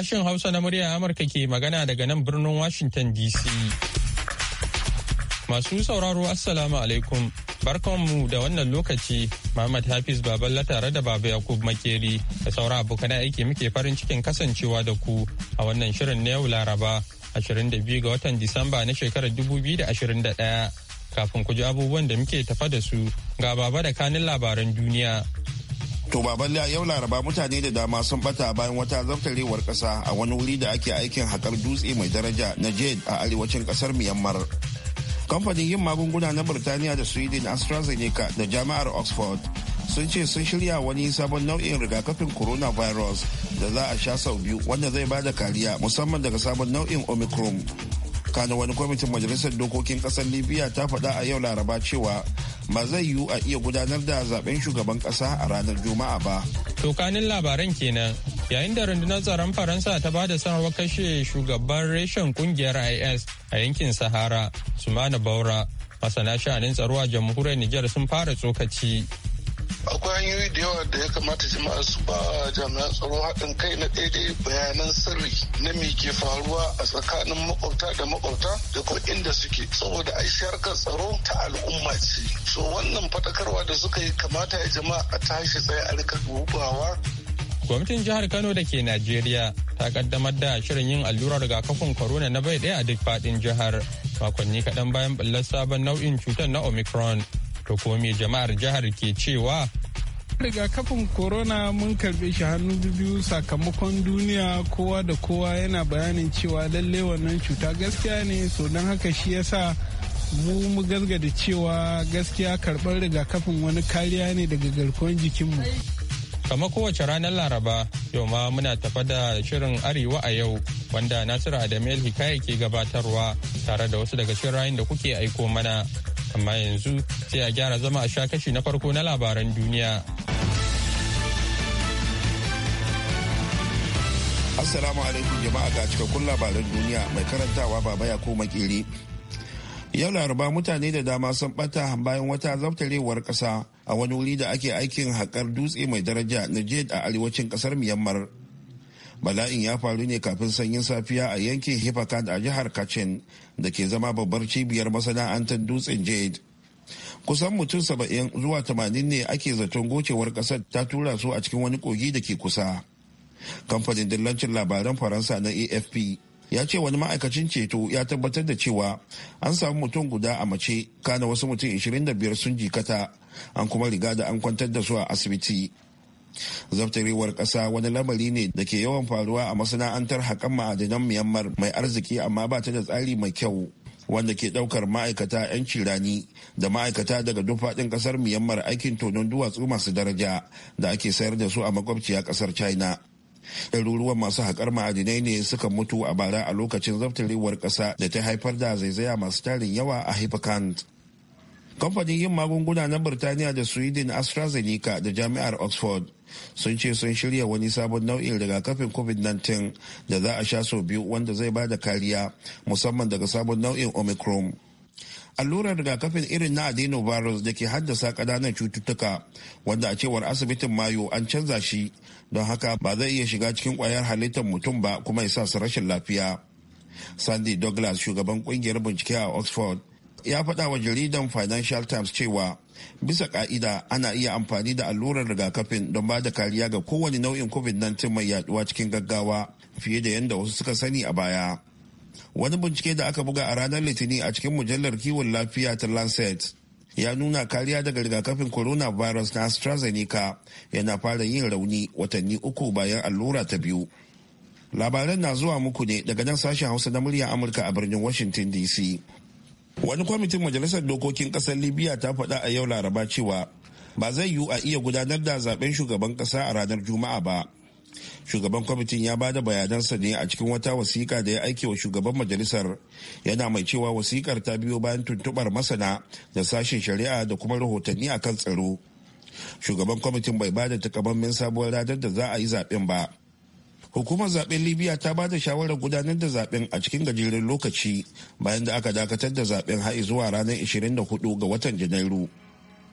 Sashen Hausa na murya Amurka ke magana daga nan birnin Washington DC. Masu sauraro Assalamu alaikum. Barkanmu da wannan lokaci, Muhammad Hafiz Baballa tare da Baba Yakub Makeri da saura abokan aiki muke farin cikin kasancewa da ku a wannan shirin na yau Laraba 22 ga watan Disamba na shekarar 2021. Kafin ku ji abubuwan da muke tafa da su ga baba da kanin labaran duniya. To baban yau laraba mutane da dama sun bata bayan wata zartarewar kasa a wani wuri da ake aikin haƙar dutse mai daraja na jade a arewacin kasar Myanmar. Kamfanin yin magunguna na Birtaniya da Sweden AstraZeneca da jami'ar Oxford sun ce sun shirya wani sabon nau'in rigakafin coronavirus da za a sha sau biyu wanda zai ba da kariya musamman daga sabon nau'in omicron. Kana wani kwamitin majalisar dokokin kasar Libya ta faɗa a yau laraba cewa ba zai yiwu a iya gudanar da zaben shugaban kasa a ranar juma'a ba. tokanin labaran kenan yayin da rundunar tsaron faransa ta ba da sanarwar kashe shugaban reshen kungiyar is a yankin sahara sumana baura masana sha'anin tsaro a jamhuriyar niger sun fara tsokaci akwai hanyoyi da yawa da ya kamata jama'a su ba jami'an tsaro haɗin kai na daidai bayanan sirri na me ke faruwa a tsakanin makwabta da makwabta da kuma inda suke saboda ai harkar tsaro ta al'umma ce so wannan faɗakarwa da suka yi kamata ya jama'a a tashi tsaye a rika dubawa gwamnatin jihar kano da ke najeriya ta kaddamar da shirin yin allurar rigakafin corona na bai daya a duk fadin jihar makonni kaɗan bayan ɓullar sabon nau'in cutar na omicron To jama'ar jihar ke cewa rigakafin corona mun karbe shi hannu biyu sakamakon duniya kowa da kowa yana bayanin cewa lalle wannan cuta gaskiya ne so don haka shi yasa mu mu gasgada cewa gaskiya karɓar rigakafin wani kariya ne daga garkuwar jikinmu kama kowace ranar laraba yau ma muna tafa da shirin arewa a yau wanda nasiru adamu hikaya ke gabatarwa tare da wasu daga cikin da kuke aiko mana amma yanzu sai a gyara zama a sha kashi na farko na labaran duniya. Assalamu alaikum jama'a ga cikakkun labaran duniya mai karantawa baba ya ko makeri. Yau laraba mutane da dama sun bata bayan wata zaftarewar kasa a wani wuri da ake aikin haƙar dutse mai daraja na a arewacin ƙasar Myanmar. bala'in ya faru ne kafin sanyin safiya a yankin hipakan a jihar kachin da ke zama babbar cibiyar masana'antar dutsen jade kusan mutum saba'in zuwa tamanin ne ake zaton gocewar kasar ta tura su a cikin wani kogi da ke kusa kamfanin dillancin labaran faransa na afp ya ce wani ma'aikacin ceto ya tabbatar da cewa an samu mutum guda a mace kana wasu mutum 25 sun jikata an kuma riga da an kwantar da su a asibiti zaftarewar ƙasa wani lamari ne da ke yawan faruwa a masana'antar haƙan ma'adanan myanmar mai arziki amma ba ta da tsari mai kyau wanda ke ɗaukar ma'aikata 'yan cirani da ma'aikata daga duk faɗin ƙasar myanmar aikin tonon duwatsu masu daraja da ake sayar da su a makwabciya ƙasar china ɗaruruwan masu haƙar ma'adinai ne suka mutu a bara a lokacin zaftarewar ƙasa da ta haifar da zaizaya masu tarin yawa a hippocamp kamfanin yin magunguna na birtaniya da sweden astrazeneca da jami'ar oxford sun ce sun shirya wani sabon nau'in rigakafin covid-19 da za a sha sau biyu wanda zai ba da kariya musamman daga sabon nau'in omicron allurar rigakafin irin na adenovirus da ke haddasa ƙananan cututtuka wanda a cewar asibitin mayo an canza shi don haka ba zai iya shiga cikin ƙwayar halittar mutum ba kuma ya sa su rashin lafiya sandy douglas shugaban kungiyar bincike a oxford ya faɗa wa jaridan financial times cewa bisa ka'ida ana iya amfani da allurar rigakafin don ba da kariya ga kowane nau'in covid-19 mai yaduwa cikin gaggawa fiye da yadda wasu suka sani a baya wani bincike da aka buga a ranar litinin a cikin mujallar kiwon lafiya ta lancet ya nuna kariya daga rigakafin coronavirus na astrazeneca yana fara yin rauni watanni uku bayan allura ta biyu labaran na zuwa muku ne daga nan sashen hausa na murya amurka a birnin washington dc wani kwamitin majalisar dokokin kasar libya ta faɗa a yau laraba cewa ba zai yiwu a iya gudanar da zaben shugaban kasa a ranar juma'a ba shugaban kwamitin ya bada bayanansa ne a cikin wata wasiƙa da ya aike wa shugaban majalisar yana mai cewa wasiƙar ta biyo bayan tuntuɓar masana da sashen shari'a da kuma rahotanni a kan tsaro shugaban kwamitin bai bada takamammen sabuwar ranar da za a yi zaben ba hukumar zaben libya ta ba da shawarar gudanar da zaben a cikin gajeren lokaci bayan da aka dakatar da zaben hai zuwa ranar 24 ga watan janairu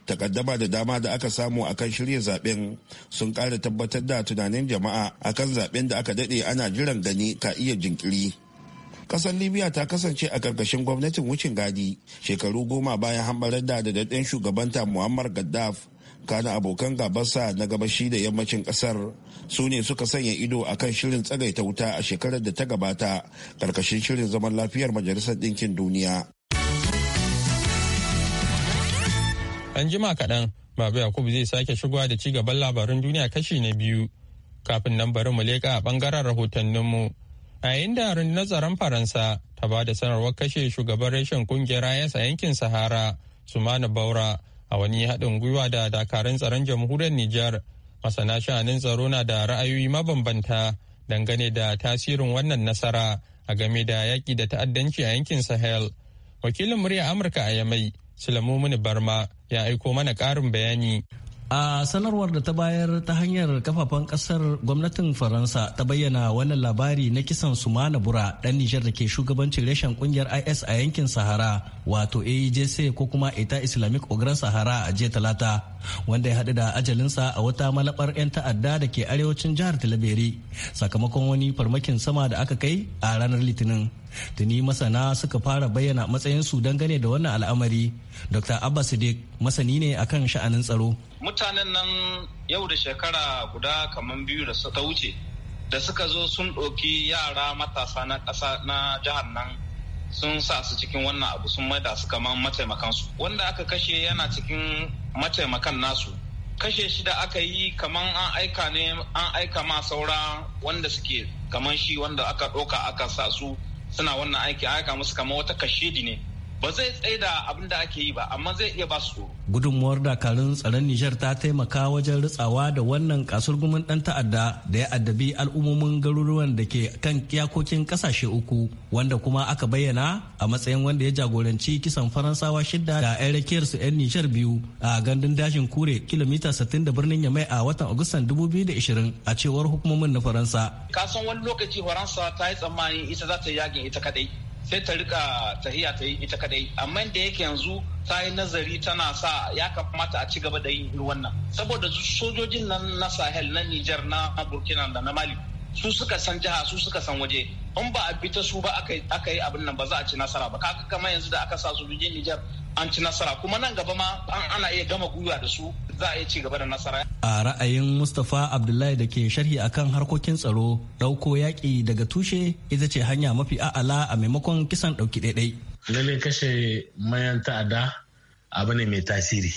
takaddama da dama da aka samu akan shirya zaben sun kara tabbatar da tunanin jama'a akan zaben da aka dade ana jiran gani ka iya jinkiri kasar libya ta kasance a karkashin gwamnatin wucin gadi shekaru goma bayan hambarar da da shugabanta muhammad gaddaf kana abokan gabarsa na gabashi da yammacin kasar su ne suka sanya ido a kan shirin tsagaita wuta a shekarar da ta gabata karkashin shirin zaman lafiyar majalisar ɗinkin duniya an jima kaɗan babu yakubu zai sake shigowa da ci gaban labarin duniya kashi na biyu kafin nan bari mu leƙa a ɓangaren rahotanninmu a yayin da nazarin faransa ta ba da sanarwar kashe shugaban reshen kungiyar is yankin sahara sumana baura a wani haɗin gwiwa da dakarun tsaron jamhuriyar Nijar masana sha'anin tsaro na da ra'ayoyi mabambanta dangane da tasirin wannan nasara a game da yaƙi da ta'addanci a yankin Sahel. Wakilin murya Amurka a Yamai, Sulamu Barma ya aiko mana ƙarin bayani. a sanarwar da ta bayar ta hanyar kafafen kasar gwamnatin faransa ta bayyana wannan labari na kisan sumana bura dan nijar da ke shugabancin reshen kungiyar is a yankin sahara wato aejc ko kuma ita islamic ogran sahara a jiya talata wanda ya haɗu da ajalinsa a wata malabar 'yan ta'adda da ke arewacin jihar Talabere sakamakon wani farmakin sama da aka kai a ranar litinin tuni masana suka fara bayyana matsayinsu dangane da wannan al'amari dr abba sadiq masani ne akan sha'anin tsaro mutanen nan yau da shekara guda kamar biyu da suka wuce da suka zo sun ɗauki yara matasa na ƙasa na jihar nan sun sa su cikin wannan abu sun maida su kamar su. wanda aka kashe yana cikin mataimakan nasu kashe shi da aka yi kamar an aika ne an aika ma saura wanda suke kamar shi wanda aka ɗauka aka sa su suna wannan aiki aka musu kamar wata kashedi ne ba zai tsaida abin da ake yi ba amma zai iya ba su gudunmuwar dakarun tsaron Nijar ta taimaka wajen ritsawa da wannan kasurgumin dan ta'adda da ya addabi al'ummomin garuruwan da ke kan iyakokin ƙasashe uku wanda kuma aka bayyana a matsayin wanda ya jagoranci kisan faransawa shidda da yan rakiyar su yan Nijar biyu a gandun dashin kure kilomita 60 da birnin Yamai a watan Agustan 2020 a cewar hukumomin na Faransa kasan wani lokaci Faransa ta yi tsammani ita za ta yakin ita kadai sai ta rika tahiya ta yi ita kadai amma da yake yanzu ta yi nazari tana sa ya kamata a ci gaba da yin wannan saboda sojojin nan na sahel na niger na burkina da na mali su suka san jiha su suka san waje in ba a bi ta su ba aka yi abin nan ba za a ci nasara ba kaka kamar yanzu da aka sa sojojin niger an ci nasara kuma nan gaba ma an ana iya gama gwiwa da su za a iya ci gaba da nasara. A ra'ayin Mustapha Abdullahi da ke sharhi akan harkokin tsaro ɗauko yaƙi daga tushe ita ce hanya mafi a'ala a maimakon kisan ɗauki ɗaiɗai. Lalle kashe mayan ta'adda abu ne mai tasiri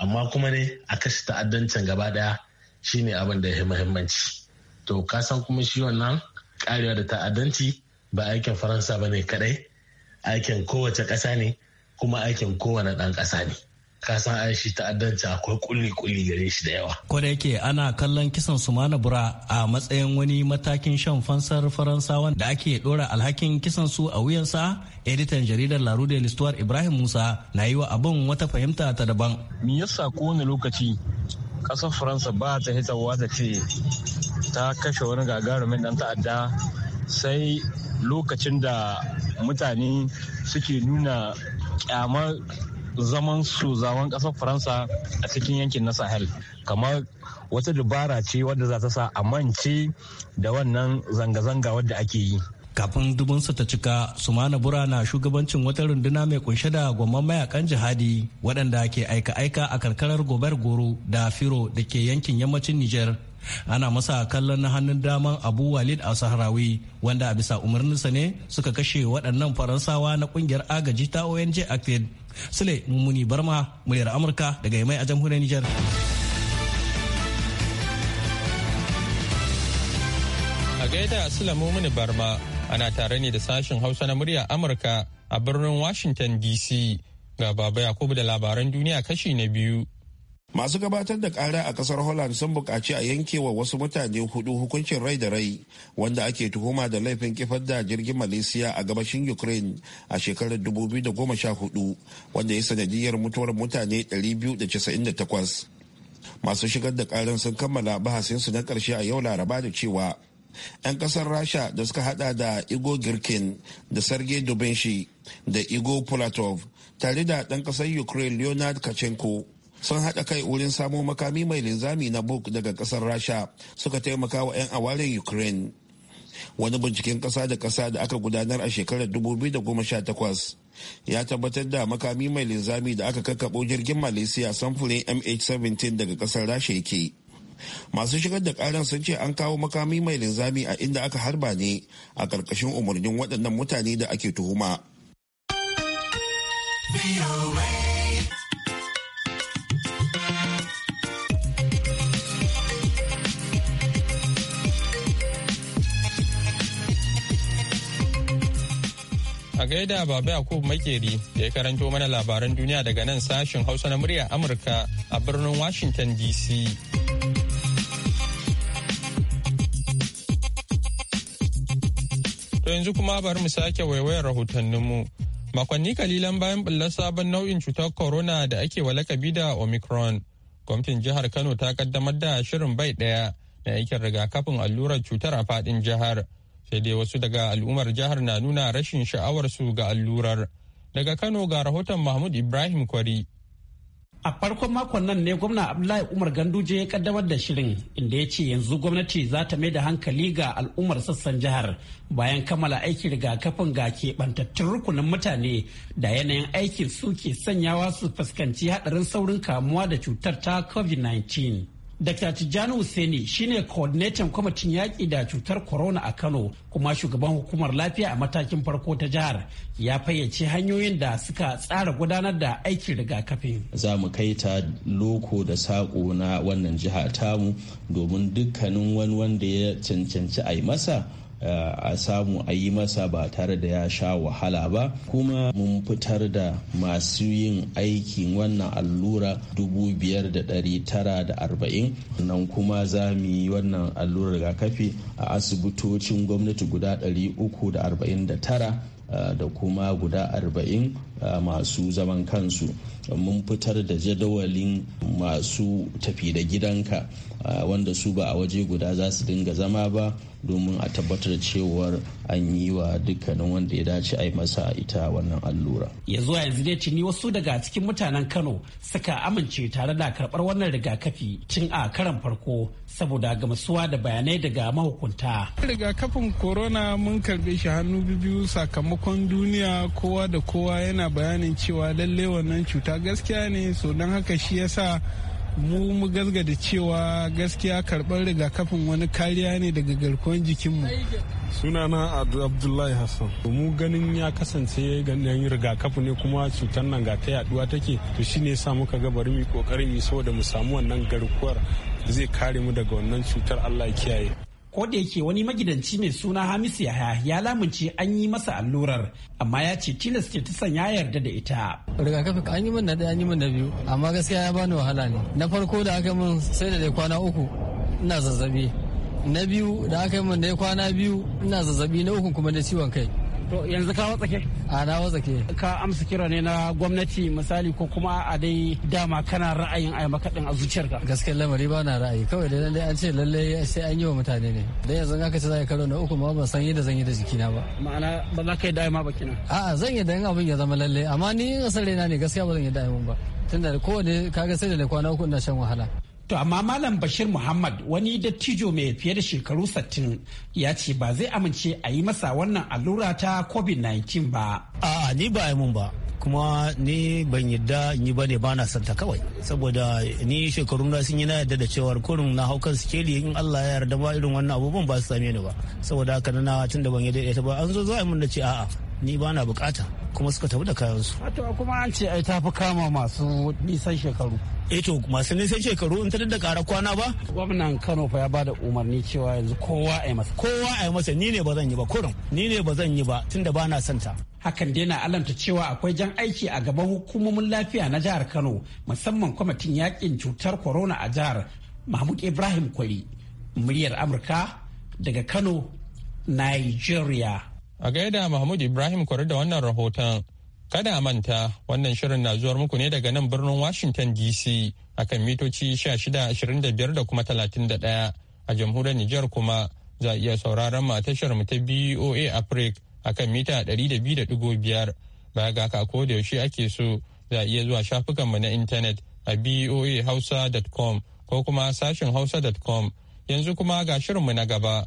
amma kuma ne a kashe ta'addancin gaba ɗaya shine abin da ya muhimmanci. To ka san kuma shi wannan karewa da ta'addanci ba aikin Faransa ba ne kaɗai aikin kowace ƙasa ne kuma aikin kowane ɗan ƙasa ne. ka san an shi ta'addanci akwai kulli kulli gare shi da yawa ko da yake ana kallon kisan su mana bura a matsayin wani matakin shan fansar faransawan da ake dora alhakin kisan su a wuyansa editan jaridar la rue ibrahim musa na yi wa abin wata fahimta ta daban me yasa kowane lokaci kasar faransa ba ta hitarwa ta ce ta kashe wani gagarumin dan ta'adda sai lokacin da mutane suke nuna kyamar zaman su zaman kasar faransa a cikin yankin na sahel kamar wata dubara ce wadda za ta sa a mance da wannan zanga-zanga wadda ake yi kafin dubinsa ta cika sumana bura na shugabancin wata runduna mai kunshe da gwamman mayakan jihadi waɗanda ke aika-aika a karkarar gobar goro da firo da ke yankin yammacin niger ana masa kallon na hannun daman abu walid a sahrawi wanda a bisa umarninsa ne suka kashe waɗannan faransawa na ƙungiyar agaji ta ong acted Sule Mummuni Barma muryar Amurka daga Yamai a jamhuriyar Nijar. A gaida Sule Mummuni Barma ana tare ne da sashen Hausa na muryar Amurka a birnin Washington DC. Ga Baba Yakubu da labaran duniya kashi na biyu. masu gabatar da kara a kasar holland sun buƙaci a yankewa wasu mutane hudu hukuncin rai da rai wanda ake tuhuma da laifin kifar da jirgin malaysia a gabashin ukraine a shekarar 2014 wanda ya sanadiyar mutuwar mutane 298 masu shigar da karin sun kammala bahasinsu na karshe a yau laraba da cewa 'yan kasar rasha da suka hada da igor girkin da sergei dubinshi da Igo pulatov tare da ɗan ƙasar ukraine leonard kachenko sun haɗa kai wurin samo makami mai linzami na buk daga ƙasar rasha suka taimaka wa 'yan awaren ukraine wani binciken ƙasa da kasa da aka gudanar a shekarar 2018 ya tabbatar da makami mai linzami da aka kakkaɓo jirgin malaysia samfurin mh17 daga ƙasar rasha yake masu shigar da karan sun ce an kawo makami mai linzami a inda aka harba ne a ƙarƙashin umarnin waɗannan mutane da ake tuhuma. A gaida Baba Yakubu Makeri da ya karanto mana labaran duniya daga nan sashen Hausa na murya Amurka a birnin Washington DC. To yanzu kuma bari mu sake waiwayar rahotanninmu. Makonni kalilan bayan bullar sabon nau'in cutar corona da ake walakabi da Omicron. Gwamnatin jihar Kano ta kaddamar da shirin bai ɗaya na aikin rigakafin allurar cutar a faɗin jihar. sai dai wasu daga al'ummar jihar na nuna rashin sha'awarsu ga allurar daga kano ga rahoton mahmud ibrahim kwari a farkon makon nan ne gwamna abdullahi umar ganduje ya kaddamar da shirin inda ya ce yanzu gwamnati za ta mai da hankali ga al'ummar sassan jihar bayan kammala aiki rigakafin ga keɓantattun rukunin mutane da yanayin aikin su ke sanyawa su fuskanci haɗarin saurin kamuwa da cutar ta covid-19 Dr. Tijjani Hussaini shine coordinator kwamitin yaƙi da cutar corona a Kano kuma shugaban hukumar lafiya a matakin farko ta jihar ya fayyace hanyoyin da suka tsara gudanar da aikin rigakafin. Za mu kai ta loko da saƙo na wannan jiha tamu domin dukkanin wani wanda ya cancanci a yi masa Eh, a samu a yi masa ba tare da ya sha wahala ba kuma mun fitar da masu yin aikin wannan allura dubu biyar da ɗari tara da arba'in nan kuma za mu yi wannan allurar rigakafi a asibitocin gwamnati guda ɗari uku da arba'in da tara Eh, da kuma guda arba'in eh, masu zaman kansu mun fitar da jadawalin masu tafi da gidanka eh, wanda su ba a waje guda za su dinga zama ba domin a tabbatar cewar an yi wa dukkanin wanda ya dace a yi masa ita wannan allura. ya zuwa yanzu ne cini wasu daga cikin mutanen kano suka amince tare da karbar wannan rigakafi tun a karan farko saboda gamsuwa da bayanai daga mahukunta. rigakafin corona mun karbe shi hannu biyu sakamakon taimakon duniya kowa da kowa yana bayanin cewa lalle wannan cuta gaskiya ne so don haka shi yasa mu mu gasgada cewa gaskiya karɓar rigakafin wani kariya ne daga garkuwar jikinmu sunana abdullahi hassan mu ganin ya kasance ganin rigakafi ne kuma cutar nan ga ta yaduwa take to shine sa muka ga bari mu kokarin mu saboda mu samu wannan garkuwar zai kare mu daga wannan cutar allah kiyaye ko da yake wani magidanci mai suna hamisu yahaya ya lamunce an yi masa allurar amma ya ce tilas ce ta sanya yarda da ita rigakafi an yi min na an yi min biyu amma gaskiya ya bani wahala ne na farko da aka min sai da dai kwana uku ina zazzabi na biyu da aka min dai kwana biyu ina zazzabi na uku kuma da ciwon kai To yanzu ka watsake? A na watsake. Ka amsa kira ne na gwamnati misali ko kuma a dai dama kana ra'ayin a makaɗin a zuciyarka. Gaskiyar lamari ba na ra'ayi kawai dai dai an ce lallai sai an yi wa mutane ne. Dan yanzu haka ce za ka karo na uku ma ban san yadda zan yi da jikina ba. Ma'ana ba za ka yi ma ba kina. A'a zan yi da'in abin ya zama lallai amma ni in asar raina ne gaskiya ba zan yi da'imin ba. Tunda kowane kaga sai da kwana uku ina shan wahala. To amma Malam Bashir Muhammad wani dattijo mai fiye da shekaru 60 ya ce ba zai amince a yi masa wannan allura ta COVID-19 ba. A'a ni ba yi mun ba. kuma ni ban yadda in yi bane bana santa kawai saboda ni shekaru na sun yi na yadda da cewar kurin na haukan sikeli in Allah ya yarda ba irin wannan abubuwan ba su same ni ba saboda haka na tun da ban yadda ita ba an zo zuwa a mun da ce a'a ni ba na bukata kuma suka tafi da kayansu. Wato kuma an ce ai tafi kama masu nisan shekaru. Eh to masu nisan shekaru in ta da kara kwana ba? Gwamnan Kano fa ya ba da umarni cewa yanzu kowa a yi masa. Kowa a yi masa ni ne ba zan yi ba kurin ni ne ba zan yi ba tunda ba na son ta. Hakan dai na alamta cewa akwai jan aiki a gaban hukumomin lafiya na jihar Kano musamman kwamitin yakin cutar corona a jihar Mahmud Ibrahim Kwari. Muryar Amurka daga Kano, Nigeria. A gaida Mahmud Ibrahim kwarar da wannan rahoton. Kada manta wannan shirin na zuwar muku ne daga nan birnin Washington DC akan mitoci 1625 da kuma 31 a jamhuriyar Nijar kuma za iya sauraron mu a tashar mu ta BOA Africa akan mita 200.5 baya ga ka ko da yaushe ake so za iya zuwa shafukan mu na intanet a boahausa.com ko kuma sashin hausa.com yanzu kuma ga shirinmu na gaba.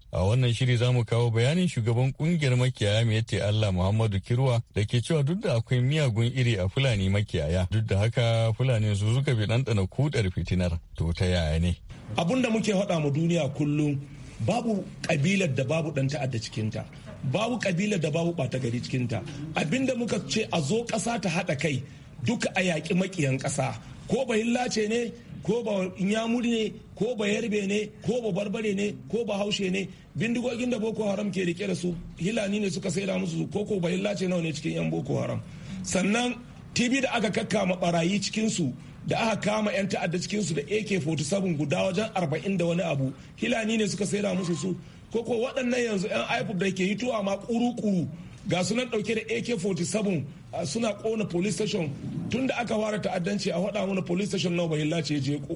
A wannan shiri za mu kawo bayanin shugaban kungiyar makiyaya mai yace Allah Muhammadu Kirwa da ke cewa duk da akwai miyagun iri a Fulani makiyaya duk da haka Fulani su suka bi ɗanɗana kudar fitinar to ta yaya ne. Abun da muke haɗa mu duniya kullum babu kabilar da babu ɗan ta'adda cikinta babu kabilar da babu ɓata gari cikinta da muka ce a zo ƙasa ta haɗa kai duka a yaƙi maƙiyan ƙasa ko bahilla ce ne ko ba inyamuri ne ko ba yarbe ne ko ba barbare ne ko ba haushe ne bindigogin da boko haram ke rike da su hilani ne suka saida musu ko ko bahilla ce nawa ne cikin yan boko haram sannan tv da aka kakkama barayi cikin su da aka kama 'yan ta'adda cikinsu da ak-47 guda wajen 40 da wani abu hilani ne suka saida musu su ko ko waɗannan yanzu 'yan ipod da ke hituwa ma kuru-kuru ga sunan ɗauke da ak-47 suna kona police station tun da aka fara ta'addanci a hada muna police station nawa bai lace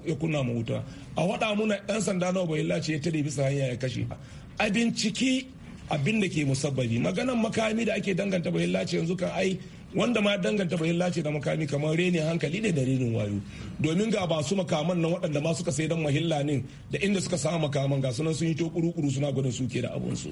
ya kunna mu wuta a hada muna yan sanda nawa bai lace ya tare bisa hanya ya kashe a binciki abin da ke musabbabi maganan makami da ake danganta bayin lace yanzu kan ai wanda ma danganta bayin lace da makami kamar reni hankali ne da renin wayo domin ga ba su makaman nan waɗanda ma suka sai dan mahilla ne da inda suka samu makaman ga sunan sun yi to kuru suna gudun suke da abunsu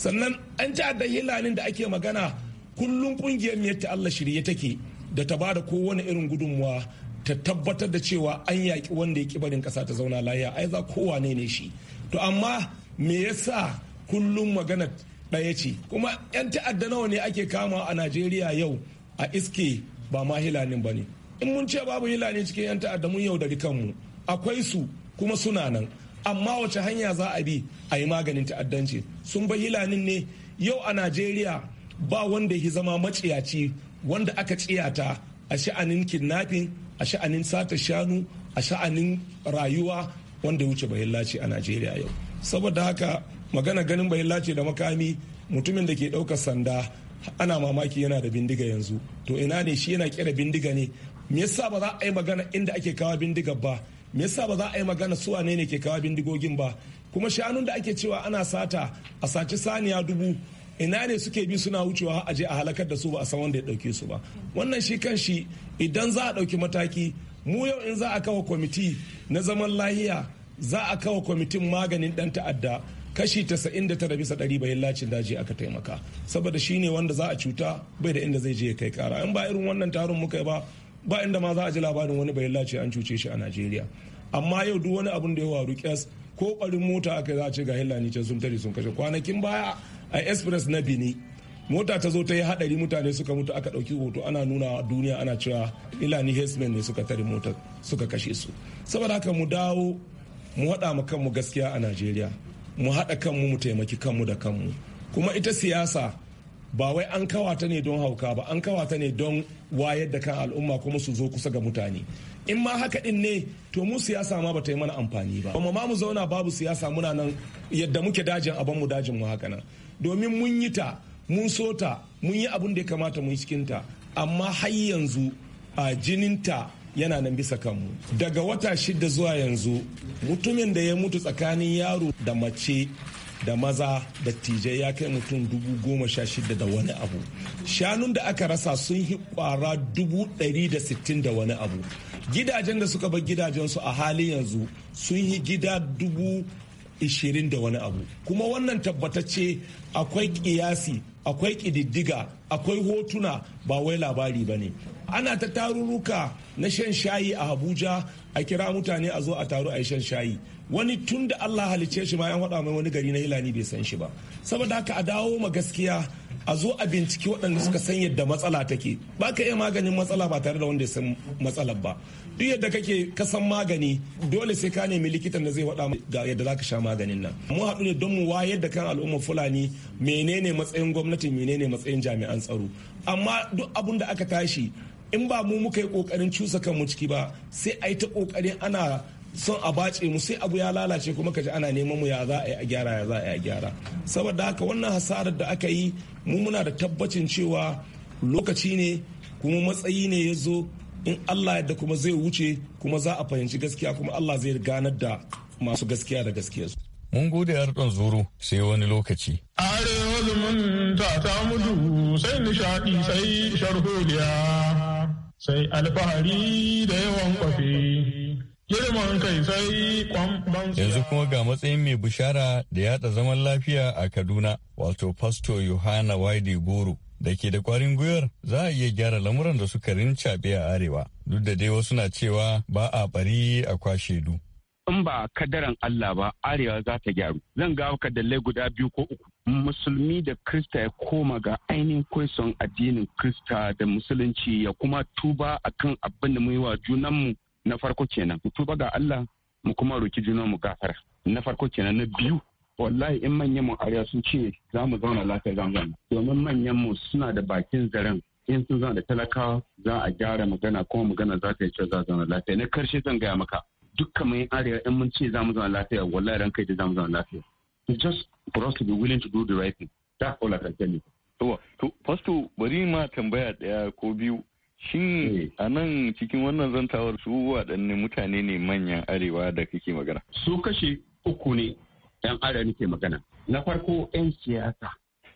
sannan an da hilanin da ake magana kullum kungiyar miyar yadda Allah shirye take da ta bada kowane irin gudunmuwa ta tabbatar da cewa an yaƙi wanda ya barin ƙasa ta zauna lafiya ai za kowane ne shi to amma me yasa kullum magana ɗaya ce kuma 'yan ta'adda nawa ne ake kama a najeriya yau a iske ba ma hilanin ba ne in mun ce babu hilani cikin 'yan ta'adda mun yaudari kanmu akwai su kuma suna nan amma wace hanya za a bi a yi maganin ta'addanci sun bai hilanin ne yau a najeriya ba wanda ya zama maciyaci wanda aka ciyata a sha'anin kidnapping a sha'anin sata shanu a sha'anin rayuwa wanda ya wuce bayan a najeriya yau saboda haka magana ganin bayan da makami mutumin da ke ɗaukar sanda ana mamaki yana da bindiga yanzu to ina ne shi yana kera bindiga ne me yasa ba za a yi magana inda ake kawo bindiga ba me yasa ba za a yi magana su wane ne ke kawo bindigogin ba kuma shanun da ake cewa ana sata a saci saniya dubu ina ne suke bi suna wucewa a je a halakar da su ba a san wanda ya dauke su ba wannan shi kan shi idan za a dauki mataki mu yau in za a kawo kwamiti na zaman lahiya za a kawo kwamitin maganin dan ta'adda kashi 99 bisa ɗari bayan lacin daji aka taimaka saboda shi ne wanda za a cuta bai da inda zai je ya kai kara in ba irin wannan taron muka ba ba inda ma za a ji labarin wani bayan lacin an cuce shi a najeriya amma yau duk wani abun da ya waru kyas ko barin mota aka za a ce ga hillani can sun tare sun kashe kwanakin baya a express na bini mota ta zo ta yi hadari mutane suka mutu aka dauki hoto ana nuna duniya ana cewa ilani hesman ne suka tare mota suka kashe su saboda haka mu dawo mu haɗa mu kanmu gaskiya a najeriya mu haɗa kanmu mu taimaki kanmu da kanmu kuma ita siyasa ba wai an kawata ne don hauka ba an kawata ne don wayar da kan al'umma kuma su zo kusa ga mutane in ma haka din ne to mu siyasa ma bata yi mana amfani ba amma ma mu zauna babu siyasa muna nan yadda muke dajin abin mu dajin mu haka nan domin mun yi ta mun so ta mun yi abun da ya kamata mu yi cikin ta amma har yanzu a jinin ta yana nan bisa kanmu daga wata shida zuwa yanzu mutumin da ya mutu tsakanin yaro da mace da maza da tije ya kai mutum dubu goma sha shida da wani abu shanun da aka rasa sun hi kwara dubu ɗari da sittin da wani abu gidajen da suka bar su a halin yanzu sun yi gida dubu ishirin da wani abu kuma wannan tabbatacce akwai kiyasi akwai kididdiga akwai hotuna ba wai labari ba ne ana ta tarurruka na shan shayi a abuja a kira mutane a zo a taru a yi shan shayi wani tun da allah halicce shi ma yan faɗa mai wani gari na hilani bai san shi ba saboda haka a dawo ma gaskiya a zo a binciki waɗanda suka san yadda matsala take ba ka iya maganin matsala ba tare da wanda ya san matsalar ba duk yadda kake ka san magani dole sai ka nemi likitan da zai waɗa ga yadda za ka sha maganin nan mu haɗu ne don mu wayar da kan al'umma fulani menene matsayin gwamnati menene matsayin jami'an tsaro amma duk abun da aka tashi in ba mu muka yi kokarin cusa kanmu ciki ba sai a yi ta kokarin ana son a bace mu sai abu ya lalace kuma ka ji ana neman mu ya za a yi a gyara ya za a yi a gyara saboda haka wannan hasarar da aka yi mu muna da tabbacin cewa lokaci ne kuma matsayi ne ya zo in Allah yadda kuma zai wuce kuma za a fahimci gaskiya kuma Allah zai ganar da masu gaskiya da gaskiya. Mun gode ɗan zuru sai wani lokaci. Arewa zumunta ta mudu sai nishaɗi sai sharholiya sai alfahari da yawan kwafi. Yanzu kuma ga matsayin mai bishara da yada zaman lafiya a Kaduna, wato Pasto Yohana Waide Goro, da ke da kwarin gwiwar za a iya gyara lamuran da suka rincaɓe a arewa, duk da dai wasu na cewa ba a bari a kwashe du. in ba kadaran Allah ba arewa za ta gyaru zan ga da lai guda biyu ko uku musulmi da krista ya koma ga ainihin kwaison addinin krista da musulunci ya kuma tuba akan abin da yi wa junanmu na farko kenan mu tuba ga Allah mu kuma roki juna mu gafara na farko kenan na biyu wallahi in manyan mu arewa sun ce za mu zauna lafiya za mu zauna domin manyan mu suna da bakin zaren in sun zauna da talakawa za a gyara magana kuma magana za ta yi cewa za zauna lafiya na karshe zan gaya maka dukkan mai arewa in mun ce za mu zauna lafiya wallahi ran kai da za mu zauna lafiya to just for us to be willing to do the right thing that's all I can tell you. To, to, bari ma tambaya daya ko biyu Shin eh. a nan cikin wannan zantawar su waɗanne mutane ne manyan arewa da kake magana? Su kashe uku ne ‘yan arewa nake magana. Na farko ‘yan siyasa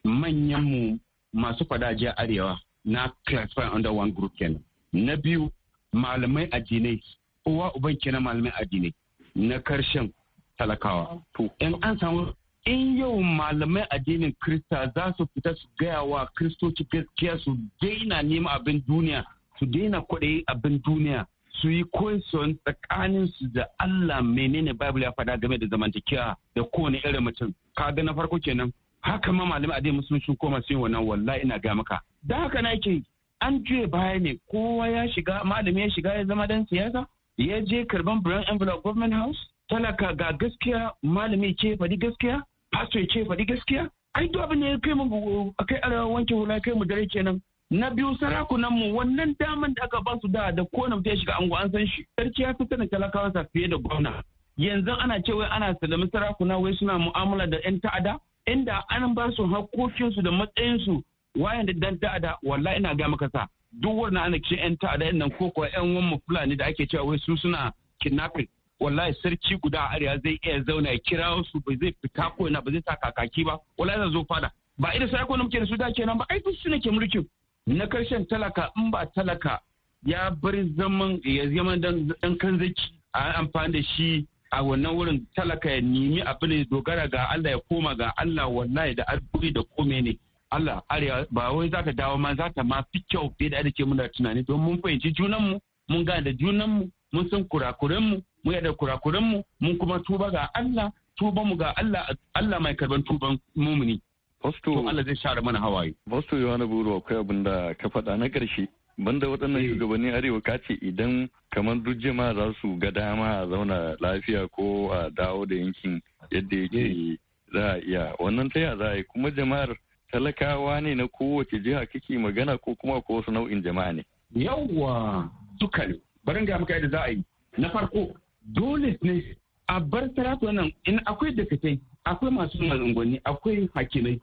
manyan mu masu fadajiya arewa na classify under one group kenan. Na biyu malamai addinai uwa uban kenan malamai addinai na karshen talakawa. To ‘yan an samu in yau malamai addinin Krista za su fita su gaya wa Kristoci gaskiya su daina neman abin duniya su daina kwaɗayi abin duniya su yi koyon tsakanin su da Allah menene Bible ya faɗa game da zamantakewa da kowane irin mutum kaga na farko kenan haka ma malamai addinin musulunci koma sun wannan wallahi ina ga maka da haka na ke an juye baya ne kowa ya shiga malami ya shiga ya zama dan siyasa ya je karban brown envelope government house talaka ga gaskiya malami ce faɗi gaskiya pastor ce faɗi gaskiya ai duk abin da ya kai mu kai arewa wanke hula kai mu dare kenan na biyu sarakunan mu wannan daman da aka ba su da da ko na ya shiga ango an san shi sarki ya fi sanin talakawansa fiye da gwamna yanzu ana cewa ana salami sarakuna wai suna mu'amala da 'yan ta'ada inda an ba su hakokinsu da matsayinsu wayan da dan ta'ada wallahi ina ga maka sa duk wannan ana ce 'yan ta'ada nan ko 'yan wannan fulani da ake cewa wai su suna kidnapping wallahi sarki guda a arewa zai iya zauna ya kira su ba zai fita ko ina ba zai sa kakaki ba wallahi zai zo fada ba ida sarakuna muke da su da kenan ba ai su ne ke mulkin na karshen talaka in ba talaka ya bar zaman ya zama dan kanzaki a amfani da shi a wannan wurin talaka ya nemi abin dogara ga Allah ya koma ga Allah wallahi da arziki da kome ne Allah arewa ba wai zaka dawo ma zaka ma fi kyau fiye da ake muna tunani don mun fahimci junan mu mun gane da junan mu mun san kurakuren mu mun yada kurakuren mu mun kuma tuba ga Allah tuba mu ga Allah Allah mai karban tuban mumuni To Allah zai share mana hawaye. Hostu Yohana Buru akwai abin da ka faɗa na ƙarshe. Banda waɗannan eh. shugabannin Arewa ka ce idan kamar duk jama'a za su ga dama a zauna lafiya ko a dawo da yankin yadda yake eh. za a iya wannan ta ya za a yi kuma jama'ar talakawa ne na kowace jiha kike magana ko kuma ko wasu nau'in jama'a ne. Yawwa duka ne barin ga muka yadda za a yi na farko dole ne a bar saratu nan in akwai dakatai akwai masu unguwanni akwai hakimai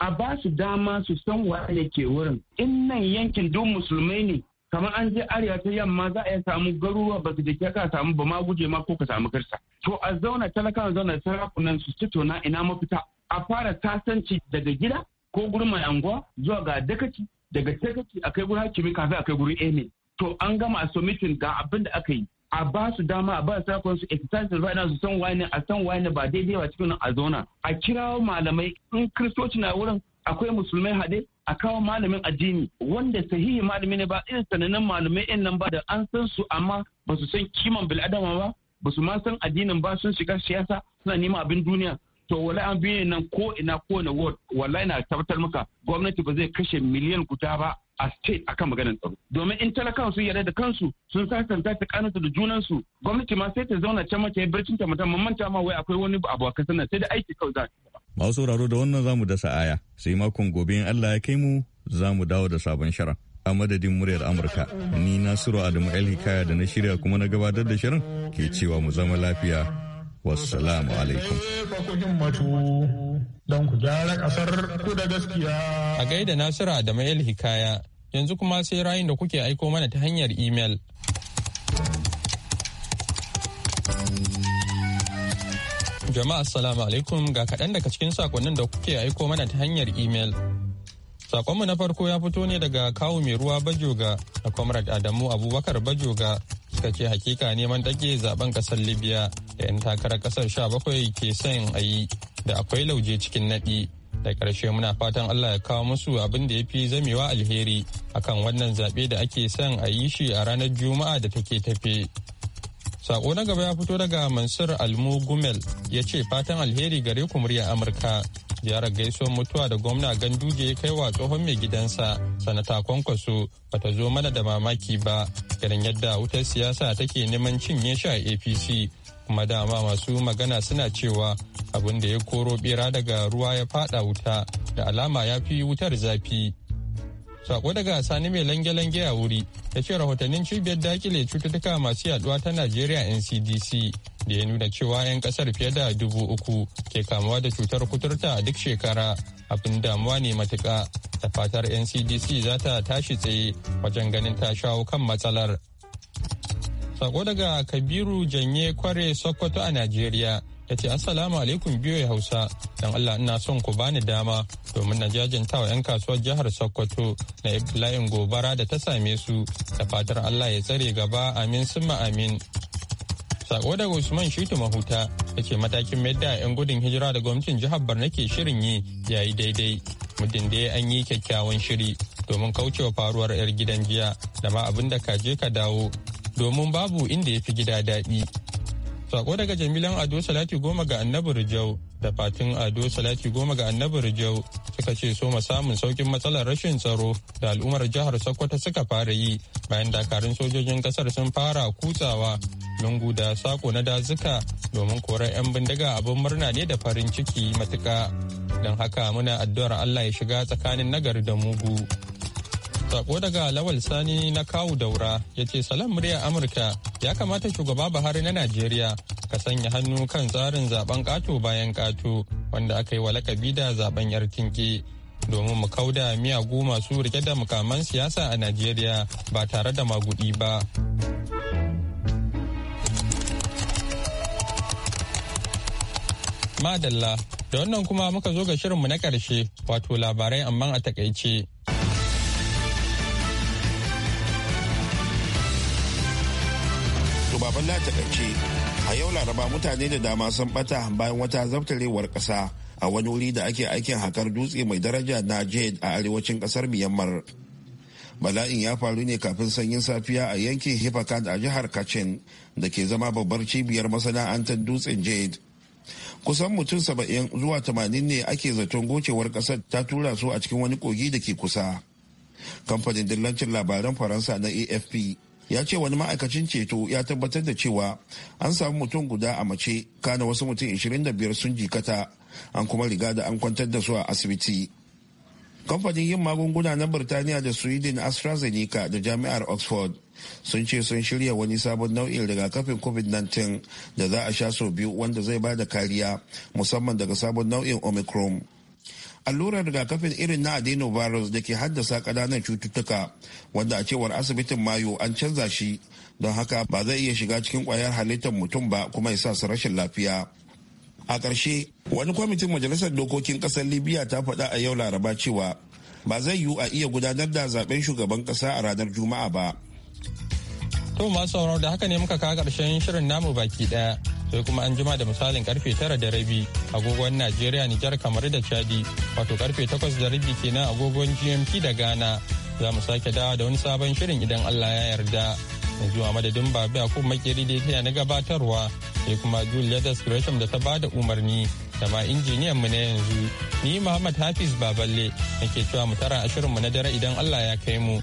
a ba su dama su san waye ke wurin in nan yankin duk musulmai ne kamar an je arewa ta yamma za a samu garuruwa ba su da ka samu ba ma guje ma ko ka samu karsa to a zauna talakawa zauna sarakunan su ci tona ina mafita a fara tasanci daga gida ko gurin mai anguwa zuwa ga dakaci daga dakaci a kai gurin hakimi kafin a gurin emir to an gama a submitting ga abin da aka yi a ba su dama a ba su sakon su exercise right now su san wani a san wani ba daidai ba cikin a zona a kirawo malamai in kristoci na wurin akwai musulmai hade a kawo malamin addini wanda sahihi malami ne ba irin sanannen malamai in nan ba da an san su amma ba su san kiman bil'adama ba ba su ma san addinin ba sun shiga siyasa suna neman abin duniya to wala an biyu nan ko ina ko na wallahi na tabbatar maka gwamnati ba zai kashe miliyan guda ba a state akan maganar tsaro domin in talakawa sun yarda da kansu sun sasanta tsakaninsu da junansu gwamnati ma sai ta zauna can mace barcin ta mutum manta ma wai akwai wani abu a kasan sai da aiki kawai za masu sauraro da wannan zamu dasa aya sai makon gobe in Allah ya kai mu zamu dawo da sabon shirin a madadin muryar amurka ni nasiru adamu el hikaya da na shirya kuma na gabatar da shirin ke cewa mu zama lafiya wassalamu alaikum don ku gyara kasar ku da gaskiya a gaida nasiru adamu el hikaya yanzu kuma sai rayun da kuke aiko mana ta hanyar imel jama'a assalamu alaikum ga kaɗan daga cikin sakonnin da kuke aiko mana ta hanyar imel Sakonmu na farko ya fito ne daga kawu mai ruwa Bajoga da Comrade Adamu Abubakar Bajoga suka ce hakika neman ɗage zaben ƙasar Libya da 'yan takarar kasar sha bakwai ke son a yi da akwai lauje cikin naɗi da ƙarshe muna fatan allah ya kawo musu abin da ya fi zamewa alheri akan wannan zaɓe da ake son a yi shi a ranar juma'a da take tafe sako na gaba ya fito daga mansur almu gumel ya ce fatan alheri gare ku murya amurka ziyarar gaisuwar mutuwa da gwamna ganduje ya kai wa tsohon mai gidansa sanata kwankwaso bata zo mana da mamaki ba ganin yadda wutar siyasa take neman cinye shi a apc kuma dama masu magana suna cewa abin da ya koro bera daga ruwa ya fada wuta da alama ya fi wutar zafi sako daga sani mai lange-lange a wuri ta ce rahotannin cibiyar dakile cututtuka masu yaduwa ta najeriya ncdc da ya nuna cewa 'yan kasar fiye da dubu uku ke kamuwa da cutar kuturta a duk shekara abin damuwa ne matuka da fatar ncdc za ta tashi tsaye wajen ganin ta shawo kan matsalar Sako daga Kabiru Janye Kware Sokoto a Najeriya ta ce Assalamu alaikum biyoyi Hausa, don Allah ina son ku bani dama domin na jajantawa 'yan kasuwar jihar Sokoto na Ibrahim Gobara da ta same su da fatar Allah ya tsare gaba amin summa amin. Sako daga Usman Shitu Mahuta ta ce matakin mayar da 'yan gudun hijira da gwamnatin jihar Borno ke shirin yi ya yi daidai. Muddin da an yi kyakkyawan shiri domin kaucewa faruwar 'yar gidan jiya da ma abin da kaje ka dawo domin babu inda ya fi gida daɗi. Sako daga jamilan Ado Salati goma ga annabi Rijau da fatin Ado Salati goma ga annabi Rijau suka ce so samun saukin matsalar rashin tsaro da al'ummar jihar Sokoto suka fara yi bayan dakarun sojojin kasar sun fara kutsawa lungu da sako na dazuka domin kore 'yan bindiga abin murna ne da farin ciki matuka. Don haka muna addu'ar Allah ya shiga tsakanin nagari da mugu. Sako daga Lawal Sani na kawu daura ya ce salam murya Amurka ya kamata shugaba Buhari na Najeriya ka sanya hannu kan tsarin zaben ƙato bayan ƙato wanda aka yi wa lakabi da zaben yar tinki domin mu da miyagu masu rike da mukaman siyasa a Najeriya ba tare da magudi ba. Madalla, da wannan kuma muka zo ga shirinmu na ƙarshe wato labarai amma a takaice. balla ta ɗauke a yau laraba mutane da dama sun bata bayan wata zaftarewar ƙasa a wani wuri da ake aikin hakar dutse mai daraja na jade a arewacin ƙasar myanmar bala'in ya faru ne kafin sanyin safiya a yankin hifakan a jihar kachin da ke zama babbar cibiyar masana'antar dutsen jade kusan mutum saba'in zuwa tamanin ne ake zaton gocewar kasar ta tura su a cikin wani kogi da ke kusa kamfanin dillancin labaran faransa na afp ya ce wani ma'aikacin ceto ya tabbatar da cewa an samu mutum guda a mace kana wasu mutum 25 sun jikata an kuma riga da an kwantar da su a asibiti kamfanin yin magunguna na birtaniya da sweden astrazeneca da jami'ar oxford sun ce sun shirya wani sabon nau'in rigakafin covid-19 da za a sha sau biyu wanda zai ba da kariya musamman daga sabon nau'in omicron allurar rigakafin irin na adenovirus da ke haddasa ƙananan cututtuka wanda a cewar asibitin mayo an canza shi don haka ba zai iya shiga cikin kwayar halittar mutum ba kuma ya sa su rashin lafiya a ƙarshe wani kwamitin majalisar dokokin ƙasar libya ta faɗa a yau laraba cewa ba zai yiwu a iya gudanar da zaben shugaban ƙasa a ranar juma'a ba To masu sauraro da haka ne muka kawo ƙarshen shirin namu baki ɗaya. Sai kuma an jima da misalin karfe tara da rabi agogon Najeriya Nijar kamar da Chadi wato karfe takwas da rabi kenan agogon GMT da Ghana. Za mu sake dawa da wani sabon shirin idan Allah ya yarda. Yanzu a madadin Babi ko Makeri da ya na gabatarwa sai kuma Julia Gresham da ta bada umarni da ma injiniyan mu na yanzu. Ni Muhammad Hafiz Baballe nake cewa mu tara a shirin mu na dare idan Allah ya kai mu.